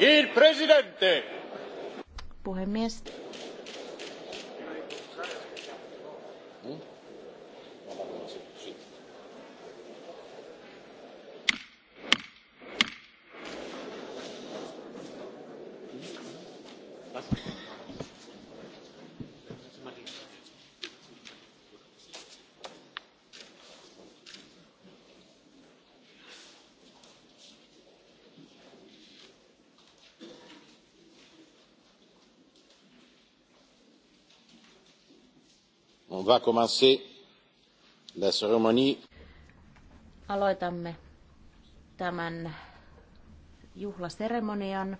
Il presidente. Puhemies. On va commencer la cérémonie. Aloitamme tämän juhlaseremonian.